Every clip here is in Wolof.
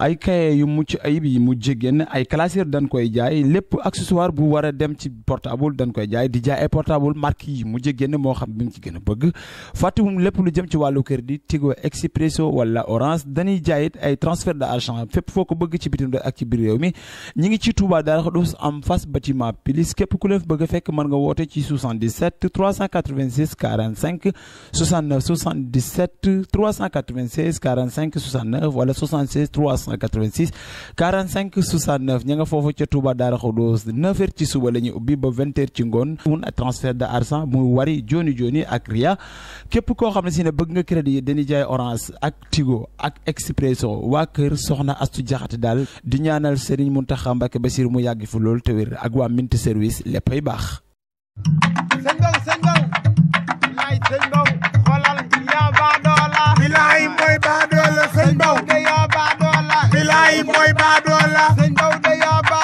ay cahier yu mucc ayib yi mujj génn ay classeur dañ koy jaay lépp accessoire bu war a dem ci portable dañ koy jaay di jaay ay portable marque yi mujj génn moo xam bi mu ci gën a bëgg fàttali lépp lu jëm ci wàllu crédit Tigo Expresso wala Orange dañuy jaayit ay transfert d'argent fépp foo ko bëgg ci bitim ak ci biir réew mi ñi ngi ci Touba Darou Khoudoss am face bâtiment pilis képp ku la bëgg a fekk mën nga woote ci 77 386 45 69 77 396 45 69 wala 76 3 386 45 69 ña nga foofu ca Touba Daara Khoudous 9h ci suba la ñu ubbi ba 20 ci ngoon. mun transfert de argent muy wari joni joni ak Ria képp koo xam ne si ne bëgg nga crédit yi dañuy jaay Orange ak Tigo ak Expresso waa kër Soxna Astu Jaxate daal di ñaanal Serigne Mountakha Mbacké Bassir mu yàgg fi loolu te wér ak waa Mint Service léppay baax. bilaay mooy baadoola sëñ Daouda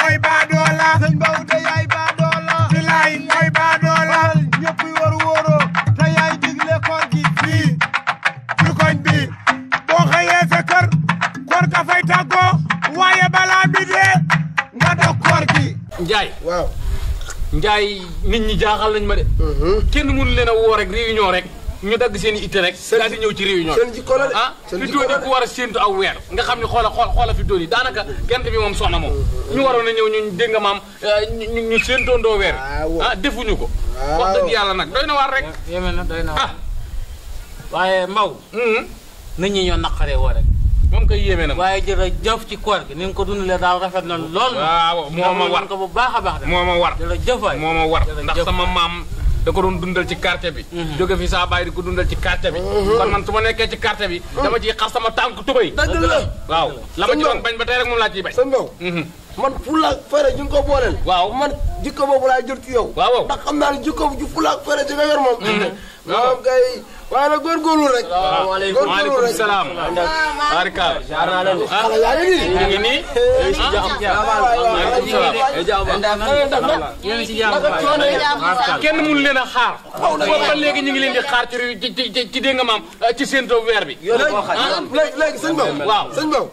mooy baadoola sëñ Daouda yaay baadoola bilaay mooy baadoola war wóoroo te yaay digle koor gi fii ci koñ boo xëyee kër koor ka fay tàggoo waaye balaa bi dee nga dog koor gi Njaay waaw Njaay nit ñi jaaxal nañ ma de mm-hmm. kenn mënu leen a rek réunion rek ñu dagg seen i rek. daal di ñëw ci réunion seen jikko la de ah fi tool yi a séentu aw weer. nga xam ne xoola xoola xoola fi tool yi daanaka gent bi moom soxna moom. ñu waroon a ñëw ñu dégg nga maam eh, ñu ñu séentoondoo weer. ah ñu ko. wax dëgg yàlla nag doy na war rek. yéeme na doy na ah. waar waaye Mbaw. Mm-hmm. nit ñi ñoo naqaree woo rek. moom koy na waaye jërëjëf ci koor gi ni nga ko dundalee daal rafet na lool. waaw moo ma war ko bu baax a baax. moo ma war jërëjëf waay moo ma war ndax sama maam da ko doon dundal ci quartier bi mhm. jóge fi saa bàyyi di dundal ci quartier bi mhm. kon man su ma nekkee ci quartier bi mhm. dama ciy xar sama tànk tubay dëgg la waaw la ma ci ba tey rek moom laa ji ba sa mbaw man fulaak fere ñu ngi waaw man jikko boobu laa jël ci yow waaw ndax xam naa ne jikko ju fulaak fere ji nga yor waaw kay waaye nag góorgóorlu rek. salaamaaleykum maaleykum salaam. barika. Ah, xale yaa ngi nii. ñu ngi nii. ñu ngi si jàmm kenn mënu leen a xaar. ba léegi ñu ngi leen di xaar ci ci ci dégg nga maam ci seen weer bi. léegi léegi sëñ Ba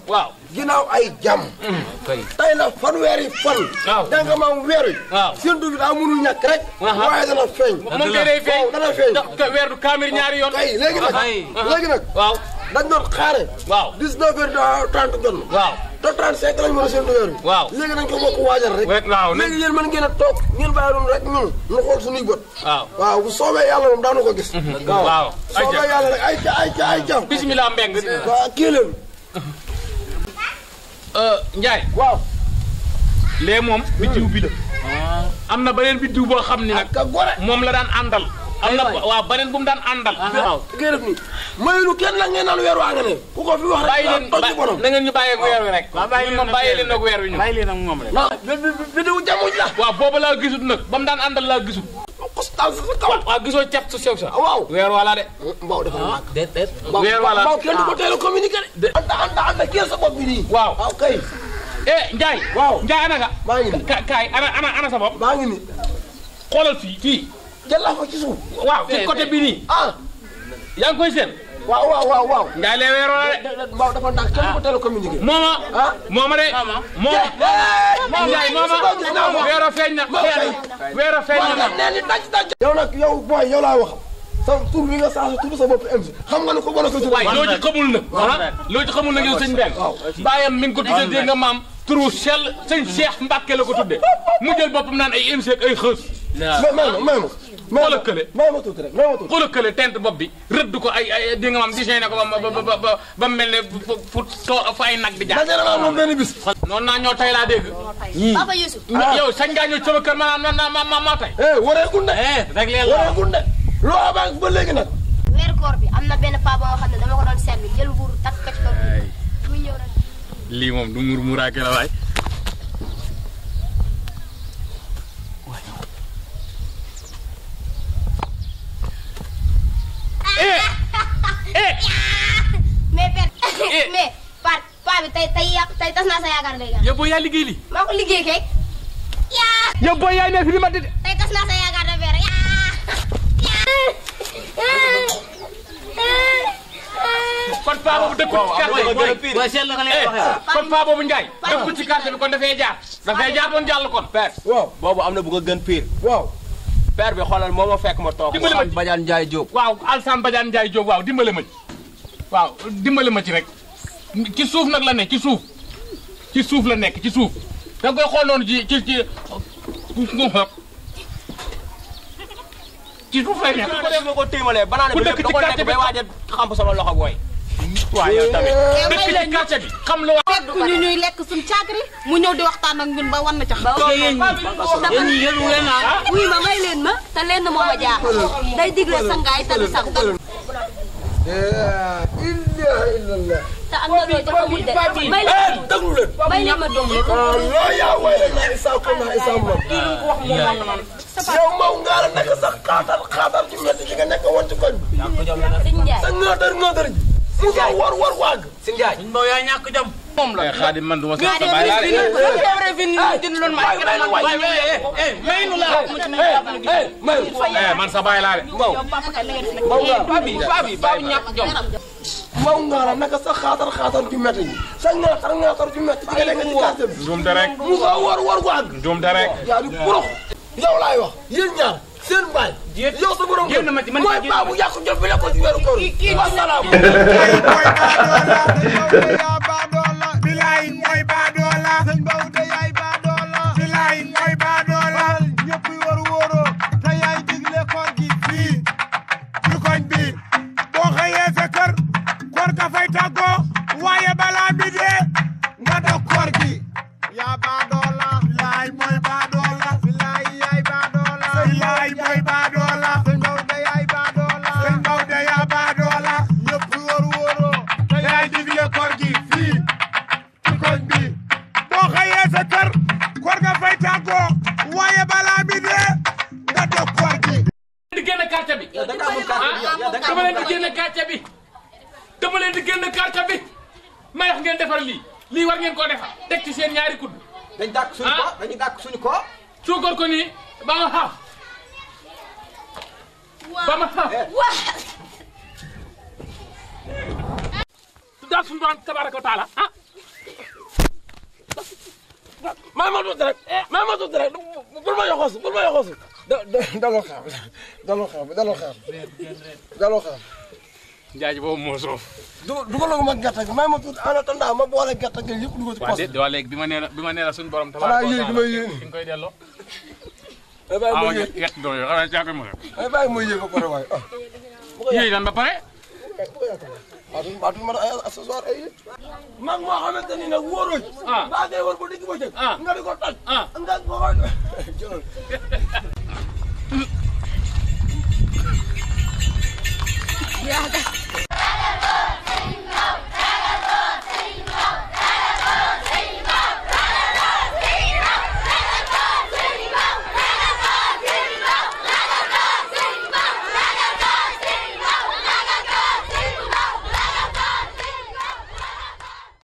waaw. ginnaaw ay jam mm, tey la fanweeri fan. danga ma weer wi. waaw a dugub daa mënul ñàkk rek. waaye dana feeñ. moom kay day feeñ dana feeñ. ndax weer du kaamir ñaari yoon. kay léegi nag léegi nag. waaw dañ doon xaare. waaw 19 heures daa 30 jot na. waaw te 35 lañ mën a seen weer wi. waaw léegi nañ ko bokk waajal rek. waaw léegi yéen mën ngeen a toog ngeen bàyyi doon rek ñun ñu xool suñuy bët. waaw waaw bu soobee yàlla moom daanu ko gis. waaw soobee yàlla rek ay ca ay ca ay ca. bisimilah mbeng. kii leen Euh, Ndiaye. waaw. lee moom biddiw bi la. Ah. am na beneen biddiw boo xam ni nag. moom la daan àndal. am na waaw beneen bu mu daan àndal. Ah. waaw gërëm ni mayulu kenn la ngeen naan weer waa nga ne. ku ko fi wax rek na ngeen ñu bàyyeeg weer wi rek. waaw bàyyi leen ak weer wi ñu. bàyyi leen ak moom rek. waaw biddiw jamono la. waaw boobu laa gisut nag ba mu daan àndal laa gisut. taal sa kaw. waaw gisoo ceeb su sa. waaw weer wala de. Mbaw dafa mag. Ah, déet weer wala kenn du ko ah. a communiqué de. anda waaw ah, eh, waaw kay. eh ana nga. maa ngi nii ka kaay ana ana ana sa maa ngi nii. xoolal fii fii. jël la fa ci suuf. waaw ci eh, côté eh. bi nii. ah yaa ngi koy seen. waaw waaw waaw waaw. Ndiaye lee weeroo la de. waaw dafa ndànk kenn ku teel a communiqué. mooma. ah mooma de. mooma mooma Ndiaye mooma. weeroo feeñ na. weeroo feeñ na yow nag yow booy yow laa wax sa tur bi nga saa tur sa bopp MC xam nga ne ko war a ko. waay loo ci xamul nag. Ah? loo ci xamul nag yow sëñ bi. baayam mi ngi ko tuddee nga maam. turu sell sëñ Cheikh ko tudde mu jël boppam naan ay MC ak ay xës. waaw ma ma ma xoolal kële. ma ma tuuti rek ma ma tuuti. xoolal kële tent bopp bi rëdd ko ay ay di nga maam di ne ko ba ba ba ba mel ne fu fu ay nag di jaar. dajale ma moom benn bis. noonu naa ñoo tey laa dégg. Papa Youssou. Ah. yow sañ ngaa ñëw sama kër ma ma ma tey. Eh, wareegul de. Eh, rek de. loo ba léegi nag. weer koor bi am na benn paa boo xam ne dama ko doon servir jël wuuru takk lii moom du murmuraake la waay eh, eh. Eh. mais paa paa bi tey tey tey tas naa sa yaakaar léegi. yow booy yaa liggéey li. maa ko liggéey kay. yaa. yow booy yaa nekk li ma di. tey tas naa sa yaakaar. paa eh, boobu dëkkul ci quartier bi. mooy seetlu nga leen waxee kon paa boobu Ndiaye. dëkkul bi kon dafay jaar. dafay jaar doon jàll kon. père waaw boobu am na bu ko gën piir waaw père bi xoolal moo ma fekk ma toog. dimbali ma ci Alassane Badiane Ndiaye Diop. waaw Alassane Badiane jaay Diop waaw dimbali ma waaw dimbali ma ci rek ci suuf nag la ne ci suuf suuf la nekk ci suuf da nga koy xool noonu ci ci ci ci suuf lay nekk. ku dëkk ci quartier bi ku dëkk ci quartier bi da ko nekk bay waaj a xam sama loxo booy. waaw yow tamit eh, dëkk ci quartier bi xam lu wax fekk ñu ñuy lekk suñu caakri mu ñëw di waxtaan ak ñun ba wan na ca xam wuy ma may leen ma te leen moo ma jaar day digle sangaay te du sax dal eh, te am na loo jox amul de eh, may leen ma déglu ah, loolu yaa way rek la Issa ko la Issa moom yow maw ngaara naka sax xaatal xaatal ci métti gi nga nekk woon ci koñ bi sa ngaatar ngaatar ji Sinjaay war war wàgg. Sinjaay. Mbow yaa ñàkk jom. moom la xaadim man du ma sax bàyyi laa de. man sax bàyyi laa de. Mbow. Mbow sa xaatar xaatar ju sa ŋaatar ŋaatar ju métti ji nga nekk ci kàttan bi. njuum te burux. yow laay wax yéen seen baay. yow sa borom kër mooy paa bu yàqu jëf bi la ko ci weeru koor yi wasalaam. bilaay mooy baadoola sëñ Ba Outé yaay baadoola bilaay mooy baadoola ñëpp war wóoroo te yaay digle koor gi fii ci koñ bi boo xëyee sa kër koor ka fay tàggoo waaye balaa bi dee nga dog koor gi yaa baadoola bilaay mooy baadoola bilaay yaay baadoola dama leen di génn quartier bi dama leen di génn quartier bi may wax ngeen defar lii lii war ngeen koo defar teg ci seen ñaari kudd dañ dàkk suñu ko ah? dañu dàkk suñu ko suukar ko nii ba ma xaaf ma xaaf eh. su dàkk suñu borom tabaraka wa taala ah maa ma tuuti rek eh, maa ma tuuti rek bul ma yoxoosu bul ma yoxoosu da daloo xaar daloo xaar daloo xaar. daloo xaar. Njaay boobu moo soof. du du ko lëkkaloo ak gerte gi may ma tuuti en attendant ma boole gerte gi yëpp dugg ci. poche bi waaw léegi bi ma nee la bi ma nee la suñu borom. xanaa yéen bi ma yéen ki nga koy delloo. waaw yéen yéen doo yow xanaa caa koy mën a. bàyyi ma yéen ba pare waaye ah. yéen lan ba pare. waaw du ma du ma ay accessoire ay yéen. mag moo xamante ni nag wóoroo ji. ah baa ngay war ba digg ba jëg. ah nga di ko toj. ah nga nga koy. Yeah, that's